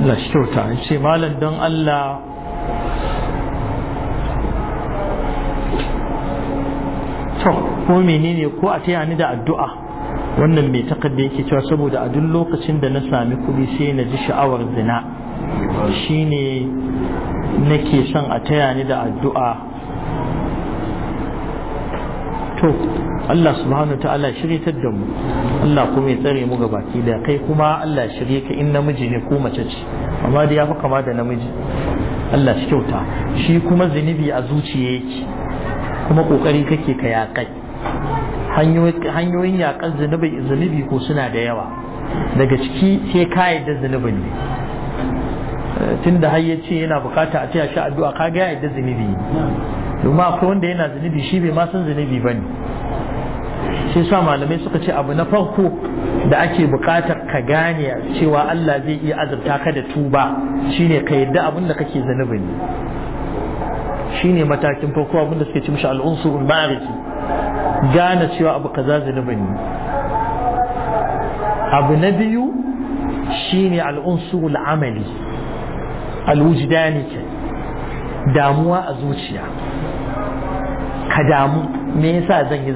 Allah shi kyauta ce malam don Allah to ko menene ko a taya ni da addu'a wannan mai takarda yake cewa saboda a duk lokacin da na sami kuɗi sai na ji sha'awar zina shine nake son a taya ni da addu'a to Allah subhanahu wa ta'ala shiryatar da mu Allah kuma ya tsare mu gabaki da kai kuma Allah shirye ka in namiji ne ko mace ce amma da fi kama da namiji Allah shi kyauta shi kuma zunubi a zuciya yake kuma kokari kake ka yaƙai. hanyoyin yakan zunubi ko suna da yawa daga ciki sai ka yadda zunubin ne eh, tun da har yace yana bukata a taya shi addu'a ka ga yadda zunubi domin akwai wanda yana zunubi shi bai ma san zunubi bane shi sa malamai suka ce abu na farko da ake buƙatar ka gane cewa Allah zai iya azabta ka da tuba shine ka yadda abin da kake zanubi ne shine matakin farko abin da suke ci mishi in ma'arifi gane cewa abu kaza zanubi ne abu na biyu shine al'unsurul amali alwujdani damuwa a zuciya ka damu me yasa zan yi